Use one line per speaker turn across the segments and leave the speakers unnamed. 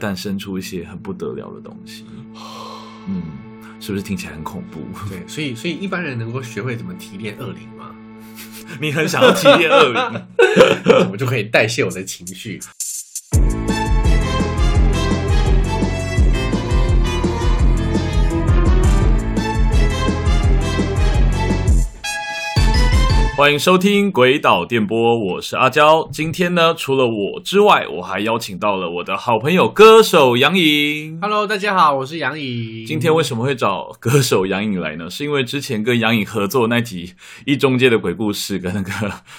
誕生出一些很不得了的東西，嗯，是不是聽起來很恐怖？
對，所以所以一般人能夠學會怎麼提煉惡靈嗎？ 你很想要提煉惡靈，我 就可以代謝我的情緒。
歡迎收聽《詭島電波》，我是阿交。今天呢，除了我之外，我還邀請到了我的好朋友歌手楊影。
Hello，大家好，我是楊影。今天
為什麼會找歌手楊影來呢？是因為之前跟楊影合作那集《一中介的鬼故事》跟那個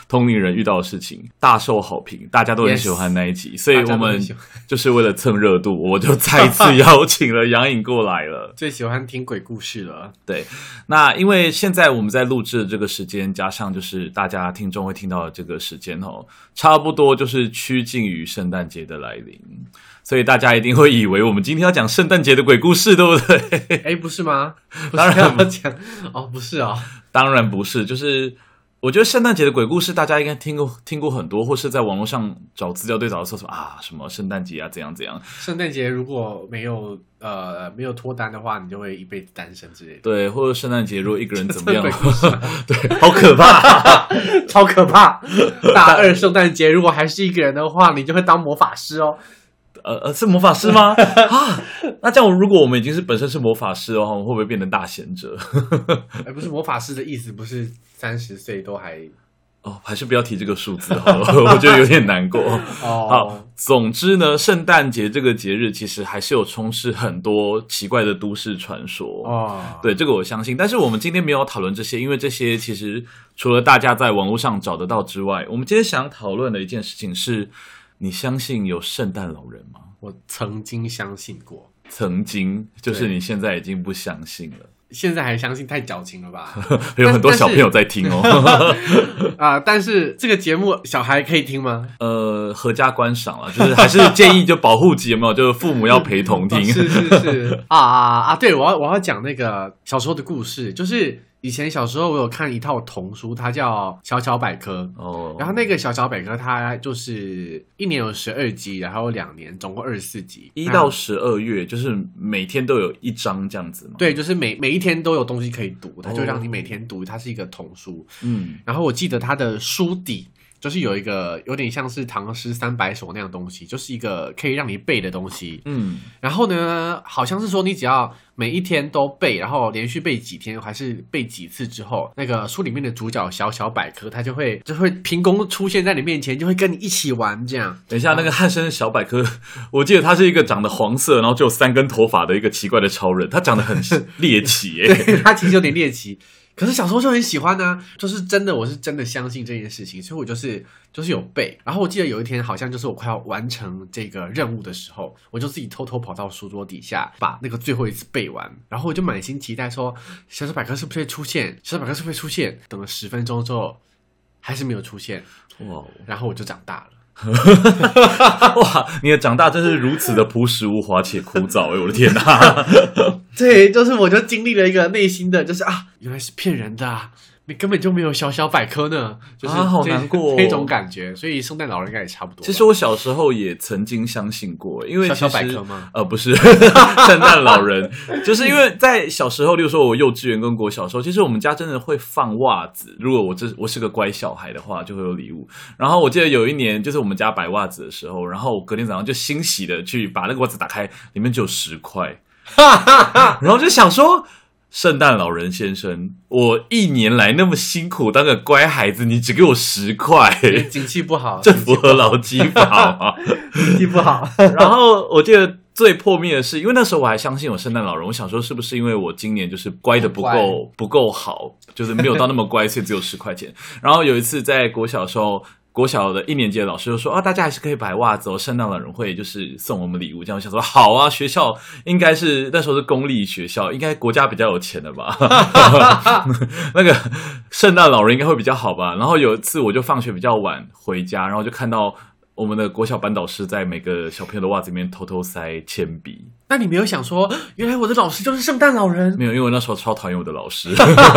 通靈人遇到的事情大受好評，大家都很喜歡那一集，yes, 所以我們就是為了蹭熱度，我就再一次邀請了楊影過來了。
最喜歡聽鬼故事了，
對。那因為現在我們在錄制的這個時間，加上就是。是大家聽眾會聽到的這個時間哦，差不多就是趨近於聖誕節的來臨，所以大家一定會以為我們今天要講聖誕節的鬼故事，對不對？哎、欸，不是嗎？是嗎，當然要
講 哦，不是啊、哦，
當然不是，就是。我覺得聖誕節的鬼故事大家應該聽過，聽過很多，或是在網絡上找資料對找的廁所啊，什麼聖誕節啊怎樣怎樣。
聖誕節如果沒有呃沒有脫單的話，你就會一輩子單身之類的。的對，或者聖誕節如果一個人怎麼樣，的話、啊、 對，好可怕、啊， 超可怕。大二聖誕節如果還是一個人的話，你就會當魔法師哦。呃呃，是魔法
師嗎？ 啊，那這樣，如果我們已經是本身是魔法師的、哦、話，我們會不會變成大賢者？
而、 欸、不是魔法師的意思，不是三十歲都還……
哦，還是不要提這個數字好了， 我覺得有點難過。哦，總之呢，聖誕節這個節日其實還是有充斥很多奇怪的都市傳說啊。哦、對，這個我相信。但是我們今天沒有討論這些，因為這些其實除了大家在網絡上找得到之外，我們今天想討論的一件事情是。你相信有聖誕老人嗎？我曾經相信過。曾經就是你現在已經不相信了。
現在還相信太矯情了吧？ 有很多小朋友在聽哦。是 啊、呃！但是這個節目小孩可以聽嗎呃，闔家觀賞啊，就是還是建
議就保護級，有沒有？ 就是父母要陪同聽，哦。
是是是 啊啊啊！對，我要我要講那個小時候的故事，就是以前小時候我有看一套童書，它叫《小小百科》哦。然後那個《小小百科》它就是一年有十二集，然後兩年總共二十四集，一到十
二月，嗯，就是每天都有一章這樣子。對，
就是每每一天都有東西可以讀，它就讓你每天讀，它是一個童書。嗯，然後我記得它。它的書底就是有一個有點像是《唐詩三百首》那樣東西，就是一個可以讓你背的東西。
嗯，
然後呢，好像是說你只要每一天都背，然後連續背幾天，還是背幾次之後，那個書裡面的主角小小百科，他就會就會憑空出現在你面前，就會跟你一起玩。這樣，
等一下、嗯、那個漢聲小百科，我記得他是一個長得黃色，然後只有三根頭髮的一個奇怪的超人，他長得很獵奇、欸。 對，他其實
有點獵奇。 可是小時候就很喜歡呢、啊，就是真的，我是真的相信這件事情，所以，我就是就是有背。然後我記得有一天，好像就是我快要完成這個任務的時候，我就自己偷偷跑到書桌底下，把那個最後一次背完。然後我就滿心期待說，小百科是不是會出現？小百科是不是會出現？等了十分鐘之後，還是沒有出現。哦，然後我就長大了。
哇，你的長大真是如此的樸實無華且枯燥，欸，哎，我的天哪！
對，就是我就經歷了一個內心的，就是啊，原來是騙人的。你根本就沒有小小百科呢，就是這、啊、好難過那、哦、種感覺，所以聖誕老人應該也差不
多。其實我小時候也曾經相信過，因為其實小小百科嗎？呃，不是，聖 誕老人， 就是因為在小時候，例如說我幼稚園跟國小時候，其實我們家真的會放襪子。如果我這我是個乖小孩的話，就會有禮物。然後我記得有一年就是我們家擺襪子的時候，然後我隔天早上就欣喜的去把那個襪子打開，裡面就有十塊，哈哈哈，然後就想說。聖誕老人先生，我一年來那麼辛苦當個乖孩子，你只給我十塊，景
氣不好，這
符合勞基不好，景氣
不，不， 不好。然後
我記得最破滅的是，因為那時候我還相信有聖誕老人，我想說是不是因為我今年就是乖的不夠，乖不夠好，就是沒有到那麼乖，所以只有十塊錢。然後有一次在國小的時候。國小的一年級的老師就說：“啊，大家還是可以擺襪子哦，聖誕老人會就是送我們禮物。”這樣我想說好啊，學校應該是那時候是公立學校，應該國家比較有錢的吧？ 那個聖誕老人應該會比較好吧？然後有一次我就放學比較晚回家，然後就看到我們的國小班導師在每個小朋友的襪子裡面偷偷塞鉛筆。
那你沒有想說，原來我的老師就是聖誕老人？沒
有，因為我那時候超討厭我的老師。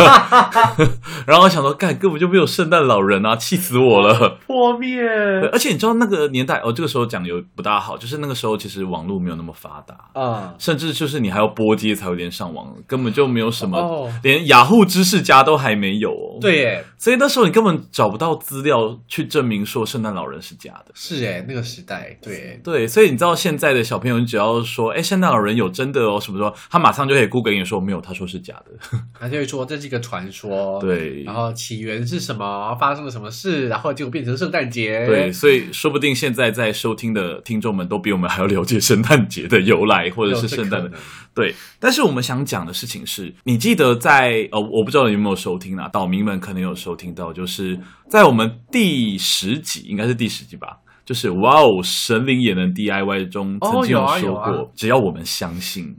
然後我想說，幹，根本就沒有聖誕老人啊，氣死我了！
破滅面。而
且你知道那個年代，哦，這個時候講有不大好，就是那個時候其實網絡沒有那麼發達啊，嗯、甚至就是你還要撥接才有連上網，根本就沒有什麼，哦、連雅虎、ah、知識家都還沒有、哦。對耶，所以那時候你根本找不到資料去證明說聖誕老人是假的。
是哎，那個時代，
對對，所以你知道現在的小朋友只要說，哎、欸，現那有人有真的哦，什麼說他馬上就可以 Google，也說沒有，他說是假的，
他就會說這是一個傳說。對，然後起源是什麼？發生了什麼事？然後就變成聖誕節。對，
所以說不定現在在收聽的聽眾們都比我們還要了解聖誕節的由來，或者是聖誕的。對，但是我們想講的事情是，你記得在呃、哦，我不知道你有沒有收聽啊，島民們可能有收聽到，就是在我們第十集，應該是第十集吧。就是哇哦，神靈也能 DIY 中曾經有說過，oh，啊啊、只要我們相信，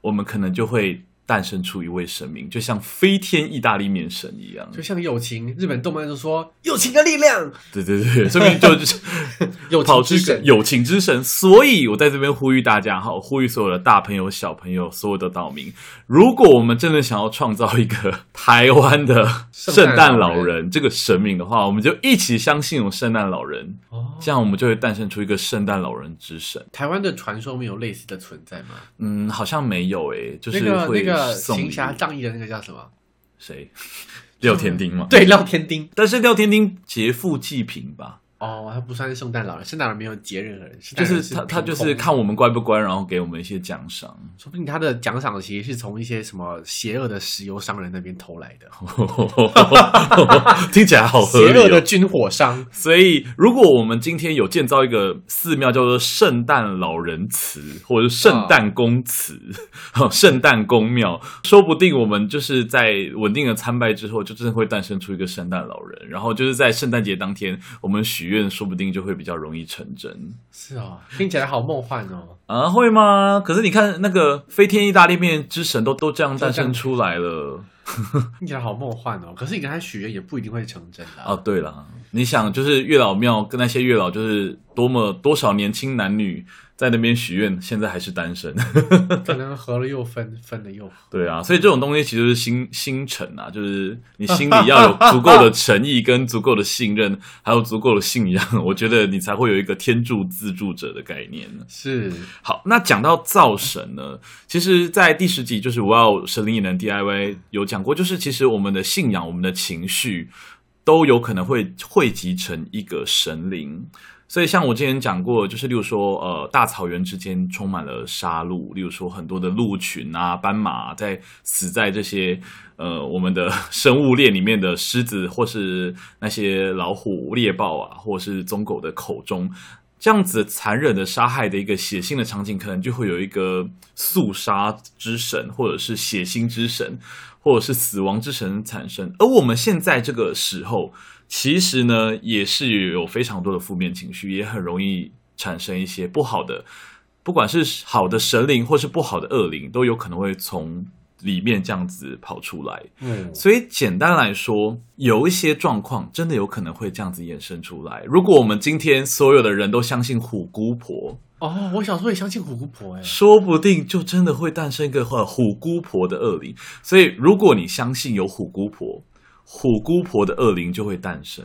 我們可能就會，誕生出一位神明，就像飛天意大利面神一樣，
就像友情，日本動漫就說友情的力量。
對對對，說明就是
友情之神，友
情之神。所以我在這邊呼籲大家好，呼籲所有的大朋友、小朋友、所有的島民，如果我們真的想要創造一個台灣的聖誕老人，聖誕老人這個神明的話，我們就一起相信有聖誕老人，哦、這樣我們就會誕生出一個聖誕老人之神。
台灣的傳說沒有類似的存在
嗎？嗯，好像沒有誒、欸，就是會、那個。那個呃，行俠
仗義的那個叫什麼？誰？廖 添丁嗎？對，廖
添丁。但是廖添丁劫富濟貧
吧？哦，他不算是聖誕老人，聖誕老人沒有劫任何人。人是就是他，他就是看我
們乖不乖，然
後給我們一些獎賞。說不定他的獎賞其實是從一些什麼邪惡的石油商人那邊偷來的，
聽起來好，哦、邪惡的
軍火商。
所以，如果我們今天有建造一個寺廟叫做聖誕老人祠，或者聖誕公祠，聖誕，oh. 公廟，說不定我們就是在穩定的參拜之後，就真的會誕生出一個聖誕老人。然後，就是在聖誕節當天，我們許。願說不定就會比較容易成真，
是哦。聽起來好夢幻哦。
啊，會嗎？可是你看那個飛天意大利麵之神都都這樣誕生出來了，
聽起來好夢幻哦。可是你跟他許願也不一定會成真的
哦、啊啊。對了，你想就是月老廟跟那些月老，就是多麼多少年輕男女。在那邊許願，現在還是單身，
可能合了又分，分了又合。
對啊，所以這種東西其實是心心誠啊，就是你心裡要有足夠的誠意，跟足夠的信任， 還有足夠的信仰，我覺得你才會有一個天助自助者的概念。
是。
好，那講到造神呢，其實，在第十集就是《我要神靈也能 DIY》有講過，就是其實我們的信仰、我們的情緒，都有可能會匯集成一個神靈。所以，像我之前講過，就是例如說，呃，大草原之間充滿了殺戮，例如說很多的鹿群啊、斑馬啊，在死在這些，呃，我們的生物鏈裡面的獅子或是那些老虎、獵豹啊，或是棕狗的口中，這樣子殘忍的殺害的一個血腥的場景，可能就會有一個肅殺之神，或者是血腥之神，或者是死亡之神產生。而我們現在這個時候。其實呢，也是有非常多的負面情緒，也很容易產生一些不好的，不管是好的神靈，或是不好的惡靈，都有可能會從裡面這樣子跑出來。嗯，所以簡單來說，有一些狀況真的有可能會這樣子衍生出來。如果我們今天所有的人都相信虎姑婆
哦，我小時候也相信虎姑婆哎，
說不定就真的會誕生一個呃虎姑婆的惡靈。所以如果你相信有虎姑婆。虎姑婆的惡靈就會誕生。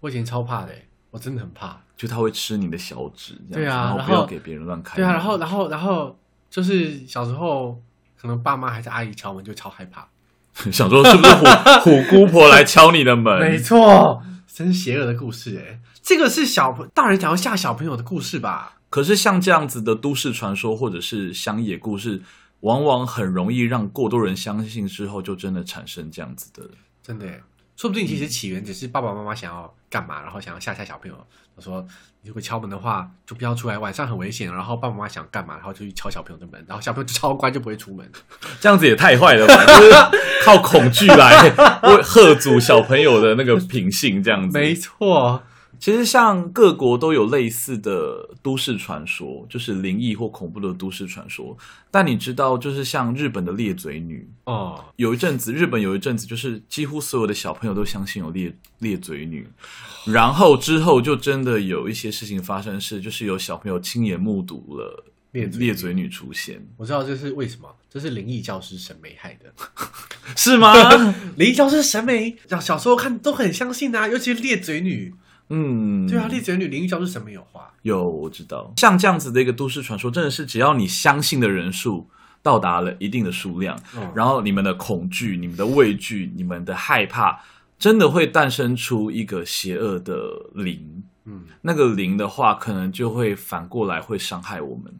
我以前超怕的、欸，我真的很怕，
就他會吃你的小指。對啊，然後不要給別人亂開門。對啊，然後
然後然後就是小時候可能爸媽還是阿姨敲門就超害怕，
想說是不是虎 虎姑婆來敲你的門？沒錯，
真是邪惡的故事哎、欸。這個是小大人想要嚇小朋友的故事吧？
可是像這樣子的都市傳說或者是鄉野故事，往往很容易讓過多人相信，之後就真的產
生這樣子的。真的耶，說不定其實起源只是爸爸媽媽想要幹嘛，然後想要嚇嚇小朋友。他說：“你如果敲門的話，就不要出來，晚上很危險。”然後爸爸媽媽想幹嘛，然後就去敲小朋友的門，然後小朋友就超乖，就不會出門。這樣子也太壞了吧？ 就是靠
恐懼來嚇阻小朋友的那個品性，這樣子。沒錯。其實像各國都有類似的都市傳說，就是靈異或恐怖的都市傳說。但你知道，就是像日本的裂嘴女哦，有一陣子，日本有一陣子，就是幾乎所有的小朋友都相信有裂裂嘴女。然後之後就真的有一些事情發生，是就是有小朋友親眼目睹了裂裂
嘴女出現女。我知道這是為什麼，這是靈異教師神眉害的， 是嗎？靈異 教師神眉，小小時候看都很相信啊，尤其是裂嘴女。嗯，對啊，裂嘴女林玉嬌是什麼有話？
有，我知道，像這樣子的一個都市傳說，真的是只要你相信的人數到達了一定的數量，嗯、然後你們的恐懼、你們的畏懼、你們的害怕，真的會誕生出一個邪惡的靈。嗯，那個靈的話，可能就會反過來會傷害我們。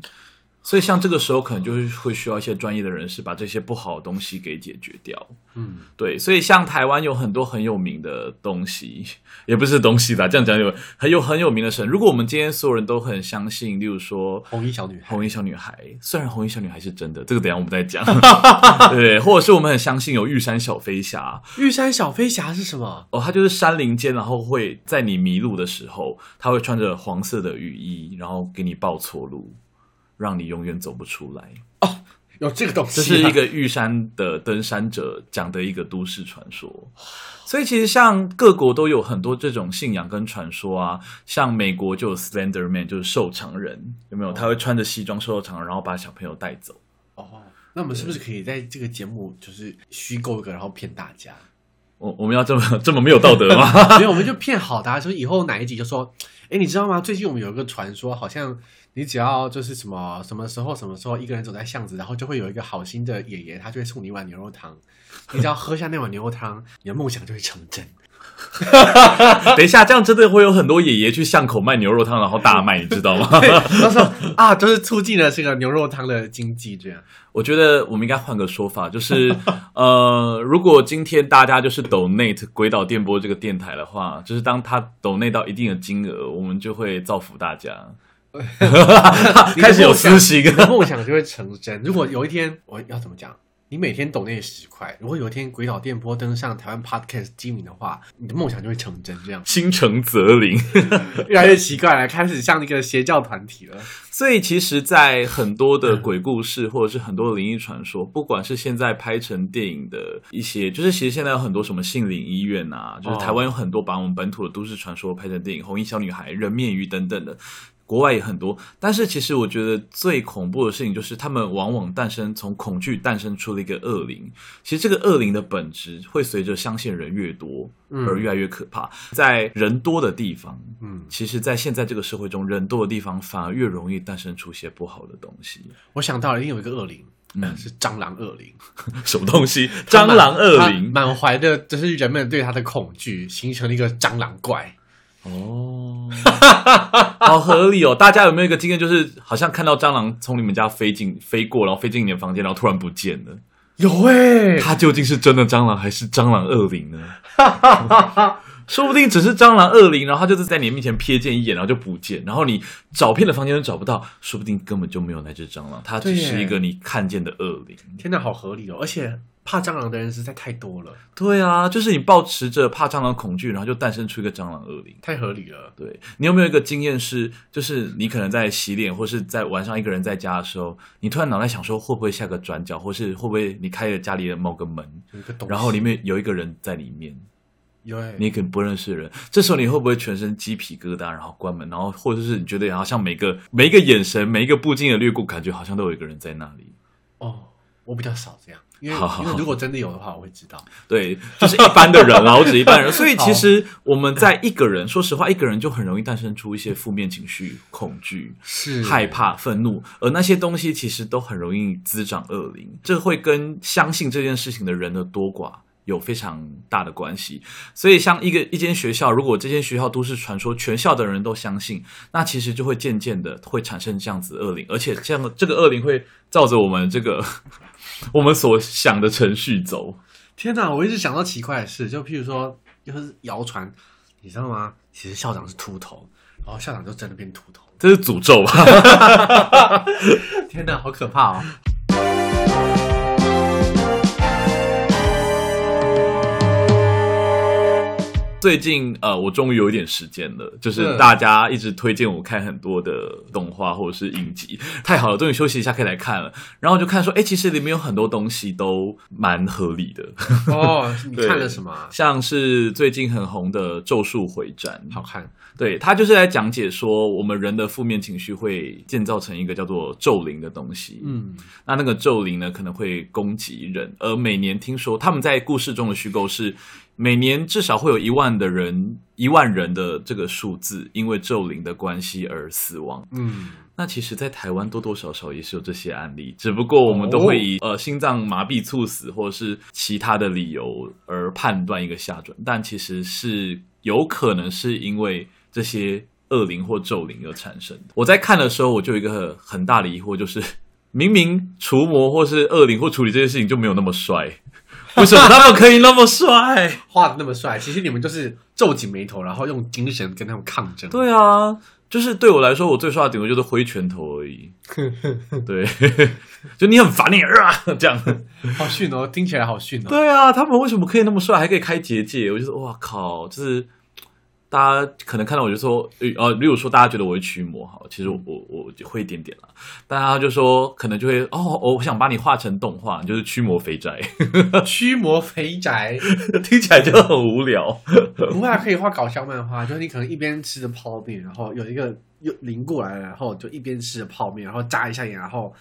所以像這個時候，可能就是會需要一些專業的人士把這些不好的東西給解決掉。嗯，對。所以像台灣有很多很有名的東西，也不是東西吧？這樣講，有很有很有名的神。如果我們今天所有人都很相信，例如說紅衣小女孩，紅衣小女孩，雖然紅衣小女孩是真的，這個等一下我們再講。 對，對，對，或者是我們很相信有玉山小飛俠。
玉山小飛俠是什麼？
哦，它就是山林間，然後會在你迷路的時候，它會穿着黃色的雨衣，然後給你報錯路。讓你永遠走不出來哦，有這個東西，這是一個玉山的登山者講的一個都市傳說。哦、所以其實像各國都有很多這種信仰跟傳說啊，像美國就有 Slender Man，就是瘦長人，有沒有？哦、他會穿着西裝，瘦瘦長，然後把小朋友帶走。哦，
那我們是不是可以在這個節目就是虛構一個，然後騙大家？
我對、哦、我們要這麼這麼沒有道德嗎？ 沒有，我
們就騙好大家、啊，說以，以後哪一集就說，哎、欸，你知道嗎？最近我們有一個傳說，好像。你只要就是什麼什麼時候，什麼時候一個人走在巷子，然後就會有一個好心的爺爺，他就會送你一碗牛肉湯。你只要喝下那碗牛肉湯， 你的夢想就會成真。 等一下，這
樣真的會有很多爺爺去巷口賣牛肉湯，然後大賣，你知道嗎
啊，就是促進了這個牛肉湯的經濟。這樣，
我覺得我們應該換個說法，就是呃，如果今天大家就是 donate 鬼島電波這個電台的話，就是當他 donate 到一定的金額，我們就會造福大家。 的開始有思想，夢想就
會成真。如果有一天我要怎麼講，你每天抖那十塊。如果有一天詭島電波登上台灣 Podcast 機敏的話，你的夢想就會成真。這樣
心誠則靈，則
越來越奇怪了，開始像那個邪教團體了。所以其實，在很多
的鬼故事或者是很多靈異傳說， 不管是現在拍成電影的一些，就是其實現在有很多什麼杏林醫院啊，就是台灣有很多把我們本土的都市傳說拍成電影，oh. 紅衣小女孩、人面魚等等的。國外也很多，但是其實我覺得最恐怖的事情就是，他們往往誕生從恐懼誕生出了一個惡靈。其實這個惡靈的本質會隨着相信人越多，而越來越可怕。嗯，在人多的地方，嗯，其實，在現在這個社會中，人多的地方反而越容易誕生出些不好的東西。
我想到一定有一個惡靈，嗯，是蟑螂惡靈， 什麼東西？蟑螂惡靈，滿懷的就是人們對它的恐懼，形成了一個蟑螂怪。哦，oh. 好合理哦！ 大家有沒有一個經驗，就是好像看到蟑螂從你們家
飛進、飛過，然後飛進你的房間，然後突然不見了？有誒、欸嗯，它究竟是真的蟑螂還是蟑螂惡靈呢？哈哈哈！說不定只是蟑螂惡靈，然後它就是在你面前瞥見一眼，然後就不見，然後你找遍了房間都找不到，說不定根本就沒有那只蟑螂，它只是一個你看見的惡靈。
耶天哪，好合理哦！而且。怕蟑螂的人實在太多了。
對啊，就是你抱持著怕蟑螂恐懼，然後就誕生出一個蟑螂惡靈，太合理了。對，你有沒有一個經驗是，就是你可能在洗臉，嗯、或是在晚上一個人在家的時候，你突然腦袋想說，會不會下個轉角，或是會不會你開了家裡的某個門，個然後裡面有一個人在裡面，
有欸、你
可能不認識人，對這時候你會不會全身雞皮疙瘩，然後關門，然後或者是你覺得好像每個每一個眼神，每一個不經的掠過，感覺好像都有一個人在那裡？哦。
我比較少這樣，因為因為如果真的有的話，我會知道。好好好。對，就是一般的人啊， 我指一般人。所以其實
我們在一個人，好說實話，一個人就很容易誕生出一些負面情緒，恐懼、是害怕、憤怒，而那些東西其實都很容易滋長惡靈。這會跟相信這件事情的人的多寡有非常大的關係。所以，像一個一間學校，如果這間學校都市傳說，全校的人都相信，那其實就會漸漸的會產生這樣子的惡靈，而且像這個惡靈會照着我們這個。我們所想的程序走，
天哪！我一直想到奇怪的事，就譬如說，就是謠傳，你知道嗎？其實校長是禿頭，然後校長就真的變禿頭，這是詛咒吧？ 天哪，好可怕哦、喔！
最近呃，我終於有一點時間了，就是大家一直推薦我看很多的動畫或者是影集，太好了，終於休息一下可以來看了。然後就看說，哎，其實裡面有很多東西都蠻合理的。哦， 對你看了什麼啊？像是最近很紅的《咒術回戰》，好看。對，它就是來講解說，我們人的負面情緒會建造成一個叫做咒靈的東西。嗯，那那個咒靈呢，可能會攻擊人。而每年聽說他們在故事中的虛構是。每年至少會有一萬的人，一萬人的這個數字，因為咒靈的關係而死亡。嗯，那其實，在台灣多多少少也是有這些案例，只不過我們都會以、哦、呃心臟麻痹猝死或者是其他的理由而判斷一個下轉，但其實是有可能是因為這些惡靈或咒靈而產生的。我在看的時候，我就有一個很大的疑惑，就是明明除魔或是惡靈或處理這些事情就沒有那麼帥。 為什麼他們可以
那麼帥，畫得那麼帥？其實你們就是皺緊眉頭，然後用精神跟他們抗爭。對啊，就是對我來說，我最帥的點就是揮拳頭而已。 對， 就你很煩你，啊，這樣。好遜哦，聽起來好遜哦。
對啊，他們為什麼可以那麼帥，還可以開結界？我就是，哇靠，就是。大家可能看到我就說，呃，例如說大家覺得我會驅魔哈，其實我我，我就會一點點了。大家就說可能就會哦，我想把你畫成動畫，就是驅魔肥宅。驅魔肥宅 聽起來就很無聊。
不然可以畫搞笑漫畫，就是你可能一邊吃着泡麵，然後有一個幽靈過來了，然後就一邊吃着泡麵，然後眨一下眼，然後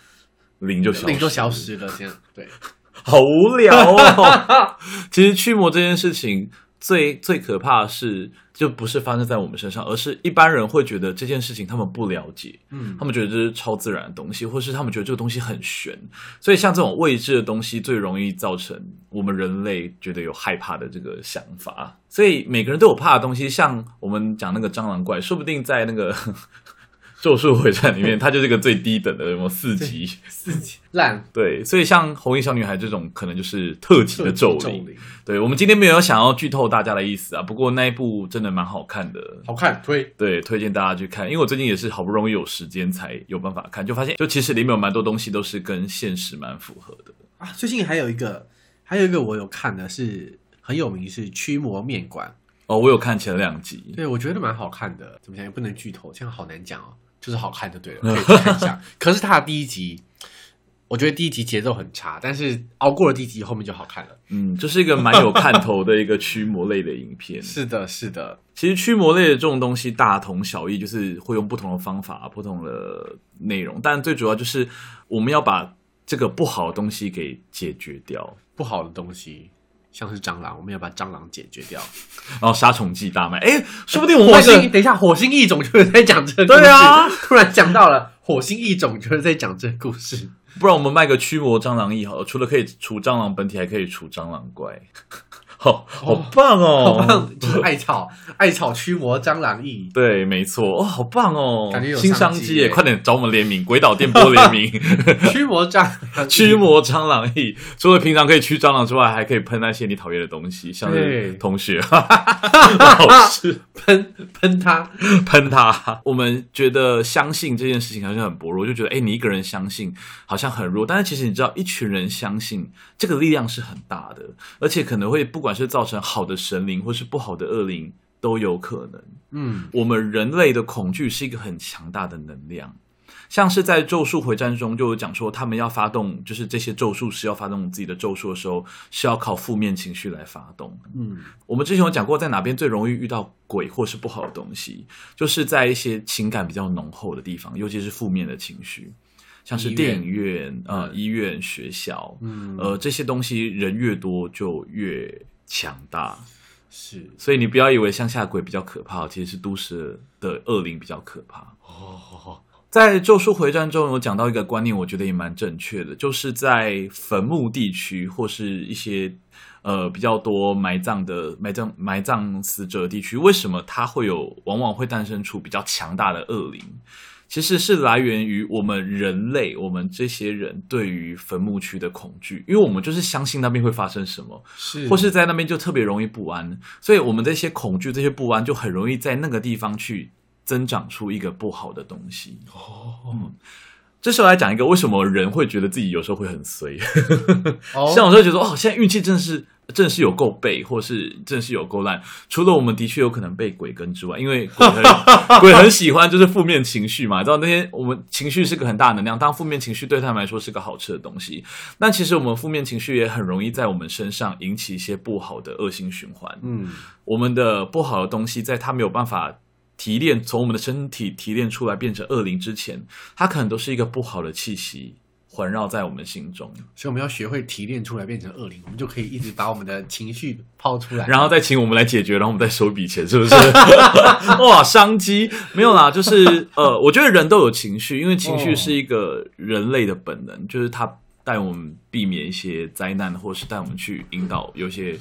靈就靈就消失了。
這樣 對，好無聊哦。
其實驅魔這件事情最最可怕的是就不是發生在我們身上，而是一般人會覺得這件事情他們不了解，嗯，他們覺得這是超自然的東西，或是他們覺得這個東西很玄，所以像這種未知的東西最容易造成我們人類覺得有害怕的這個想法。所以每個人都有怕的東西，像我們講那個蟑螂怪，說不定在那個。 咒術迴戰裡面，它就是一個最低等的什麼 四級
對四級爛，
對。所以像紅衣小女孩這種，可能就是特級的咒靈。咒靈。對，我們今天沒有想要劇透大家的意思啊，不過那一部真的蠻好看的，好看推，對，推薦大家去看，因為我最近也是好不容易有時間才有辦法看，就發現就其實裡面有蠻多東西都是跟現實蠻符合的
啊。最近還有一個，還有一個我有看的是很有名是驅魔面館哦，我有看前兩集，對，我覺得蠻好看的，怎麼講也不能劇透，這樣好難講哦。就是好看就對了，可以看一下。 可是他的第一集，我覺得第一集節奏很差，但是熬過了第一集，後面就好看了。嗯，就是一個蠻有看頭
的一個驅魔類的影片。
是的是的，是的。其實驅魔
類的這種東西大同小異，就是會用不同的方法、不同的內容，但最主要就是我們要把這個不好的東西給解決掉。不好的東西。像是
蟑螂，我們要把蟑螂解決掉，
然後殺蟲劑大賣。哎，
說不定我們火星，等一下火星異種就是在講這個故事。對啊，突然講到了火星異種就是在講這個故事。
不然我們賣個驅魔蟑螂液好了，除了可以除蟑螂本體，還可以除蟑螂怪。 好，好棒哦，哦！好棒，
就是艾草，艾草驅魔蟑螂液。
對，沒錯。哦，好棒哦！感覺有商新商機耶對快點找我們聯名，詭島電波聯名，驅魔蟑驅魔蟑螂液。除了平常可以驅蟑螂之外，還可以噴那些你討厭的東西，像是同學、老師對，噴噴它，噴它。我們覺得相信這件事情好像很薄弱，就覺得哎、欸，你一個人相信好像很弱，但是其實你知道，一群人相信這個力量是很大的，而且可能會不管。是造成好的神靈，或是不好的惡靈都有可能。嗯，我們人類的恐懼是一個很強大的能量。像是在《咒術回戰》中就有講說，他們要發動，就是這些咒術師要發動自己的咒術的時候，是要靠負面情緒來發動。嗯，我們之前有講過，在哪邊最容易遇到鬼或是不好的東西，就是在一些情感比較濃厚的地方，尤其是負面的情緒，
像是電影
院、醫院，呃，醫院、學校，嗯、呃這些東西，人越多就越。強大是，所以你不要以為鄉下鬼比較可怕，其實是都市的惡靈比較可怕哦。Oh, oh, oh. 在《咒術迴戰》中，我講到一個觀念，我覺得也蠻正確的，就是在墳墓地區或是一些呃比較多埋葬的埋葬埋葬死者地區，為什麼它會有往往會誕生出比較強大的惡靈？其實是來源於我們人類，我們這些人對於墳墓區的恐懼，因為我們就是相信那邊會發生什麼，是或是在那邊就特別容易不安，所以我們這些恐懼、這些不安就很容易在那個地方去增長出一個不好的東西。哦，哦嗯、這時候來講一個，為什麼人會覺得自己有時候會很衰， 哦、像有時候覺得哦，現在運氣真的是。正是有夠背，或是正是有夠爛。除了我們的確有可能被鬼跟之外，因為鬼很， 鬼很喜歡就是負面情緒嘛， 知道那些我們情緒是個很大能量，當負面情緒對他們來說是個好吃的東西。那其實我們負面情緒也很容易在我們身上引起一些不好的惡性循環。嗯，我們的不好的東西，在他沒有辦法提煉從我們的身體提煉出來變成惡靈之前，它可能都是一個不好的氣息。環繞在
我們心中，所以我們要學會提煉出來變成惡靈，我們就可以一直把我們的情緒拋出來， 然後
再請我們來解決，然後我們再收筆錢，是不是？ 哇，商機 沒有啦，就是呃，我覺得人都有情緒，因為情緒是一個人類的本能，oh. 就是它帶我們避免一些災難，或是帶我們去引導有些、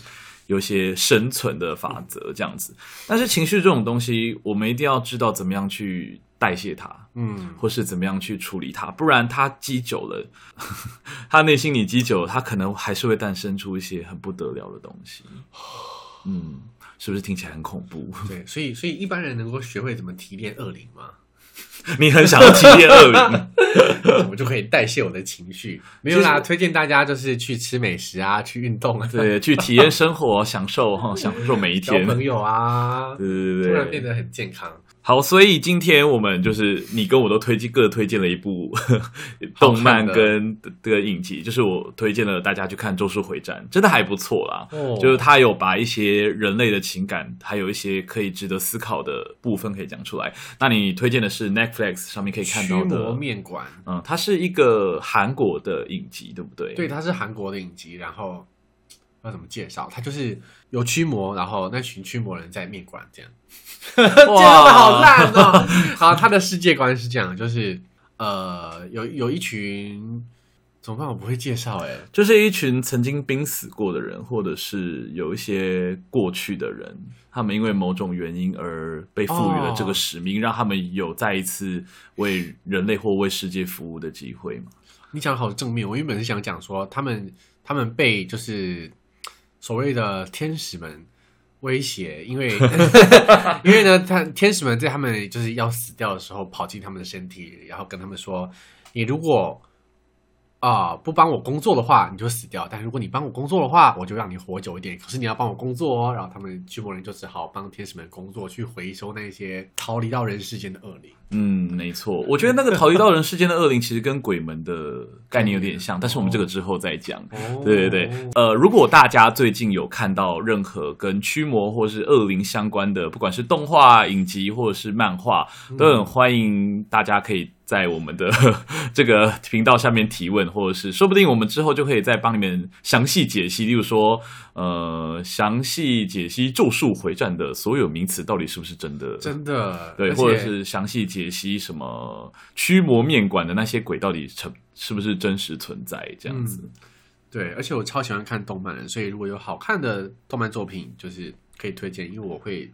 有些生存的法則這樣子。但是情緒這種東西，我們一定要知道怎麼樣去。代謝它，嗯，或是怎麼樣去處理它，不然它積久了，他內心裡積久了，他可能還是會誕生出一些很不得了的東西。嗯，是不是聽起來很恐怖？對，
所以所以一般人能夠學會怎麼提煉惡靈嗎？你很想要提煉惡靈，我就可以代謝我的情緒。沒有啦，推薦大家就是去吃美食啊，去運動啊，對，去體驗生
活，享受哈，享受每一天，交朋友
啊，對對對，突然變得很健康。
好，所以今天我們就是你跟我都推薦 各推薦了一部 動漫跟的影集，就是我推薦了大家去看《咒術回戰》，真的還不錯啦。哦，就是他有把一些人類的情感，還有一些可以值得思考的部分可以講出來。那你推薦的是 Netflix 上面可以看到的《驅魔麵館》？嗯，它是一個
韓國的影集，對不對？對，它是韓國的影集，然後。要怎麼介紹？他就是有驅魔，然後那群驅魔人在麵館這樣，真 的哇好爛哦。好，他的世界觀是這樣，就是呃，有有一群，怎麼辦？我不會介紹哎，
就是一群曾經瀕死過的人，或者是有一些過去的人，他們因為某種原因而被賦予了這個使命，哦、讓他們有再一次為人類或為世界服務的機會。
你講好正面，我原本是想講說，他們他們被就是。所謂的天使們威脅，因為 因為呢，他天使們在他們就是要死掉的時候，跑進他們的身體，然後跟他們說：“你如果……”啊，uh, 不幫我工作的話，你就死掉。但是如果你幫我工作的話，我就讓你活久一點。可是你要幫我工作哦。然後他們驅魔人就只好幫天使們工作，去回收那些逃離到人世間的惡靈。
嗯，沒錯。 我覺得那個逃離到人世間的惡靈，其實跟鬼門的概念有點像，啊、但是我們這個之後再講。對、哦、對對。呃，如果大家最近有看到任何跟驅魔或是惡靈相關的，不管是動畫、影集或者是漫畫，嗯、都很歡迎大家可以。在我們的這個頻道下面提問，或者是說不定我們之後就可以再幫你們詳細解析，例如說，呃，詳細解析《咒術迴戰》的所有名詞到底是不是真的，真
的對，而且，或者是
詳細解析什麼驅魔麵館的那些鬼到底成是不是
真實存在這樣子。嗯，對，而且我超喜歡看動漫，所以如果有好看的動漫作品，就是可以推薦，因為我會。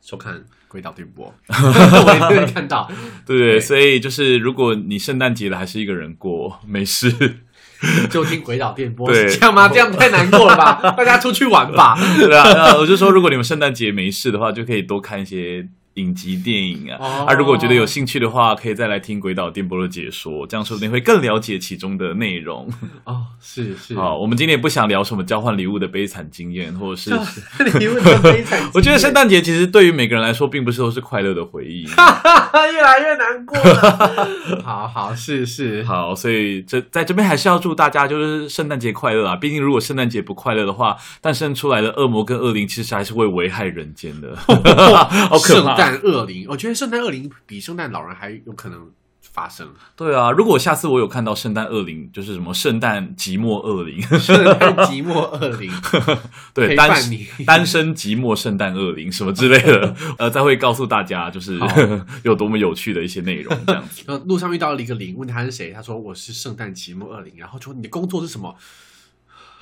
收看鬼島電波，
我也可以看到。 對,對所以就是，如果你聖誕節了還是一個人過，沒事，
就聽鬼島電波，是這樣嗎？ 這樣太難過了吧？ 大家出去玩吧。 對啊，我就
說，如果你們聖誕節沒事的話，就可以多看一些。影集電影啊，啊、哦，如果覺得有興趣的話，可以再來聽《鬼島電波》的解說，這樣說不定會更了解其中的內容。哦，是是。好，我們今天也不想聊什麼交換禮物的悲慘經驗，或者是禮、啊、物悲慘。我覺得聖誕節其實對於每個人來說，並不是都是快樂的回憶。
哈，哈哈哈，越來越難過
了。 好好，是是。好，所以這在這邊還是要祝大家就是聖誕節快樂啊！畢竟如果聖誕節不快樂的話，誕生出來的惡魔跟惡靈其實還是會危害人間的、哦哦。好可怕。是聖誕惡靈，
我覺得聖誕惡靈比聖誕老人還有可能發生。
對啊，如果下次我有看到聖誕惡靈，就是什麼聖誕寂寞惡靈，聖誕寂寞惡靈， 對，陪伴你。單單身寂寞聖誕惡靈什麼之類的， 呃，再會告訴大家就是 好 有多麼有趣的一些內容
這樣子。 路上遇到了一個靈，問他是誰，他說我是聖誕寂寞惡靈，然後說你的工作是什麼？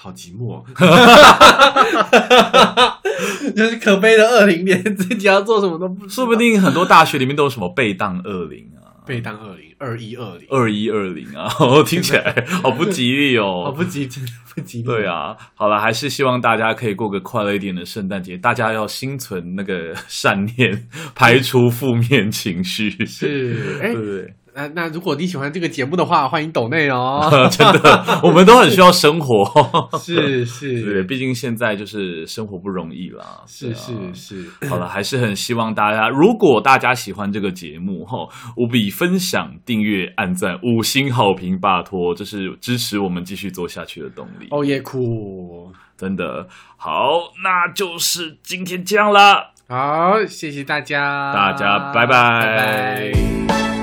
好寂寞，啊， 就是可悲的二零年，自己要做什麼都不。說不定很多大學
裡面都有什麼被當惡靈啊，
被當惡靈二一二
零二一二零啊， 聽起來好不吉利哦， 好不吉不吉利。對啊，好了，還是希望大家可以過個快樂一點的聖誕節。大家要心存那個善念，排除負面情緒， 是，對、欸、不 對？
那那如果你喜歡這個節目的話，歡迎抖內哦！ 真的，我們都很需要生活。是 是，是 對，
畢竟現在就是生活不容易啦。是是是，好了，還是很希望大家，如果大家喜歡這個節目，吼，務必分享、訂閱、按讚、五星好評，拜托，這是支持我們繼續做下去的動力。哦耶酷！真的好，
那就是今天這樣了。好，謝謝大家，大家拜
拜。拜拜。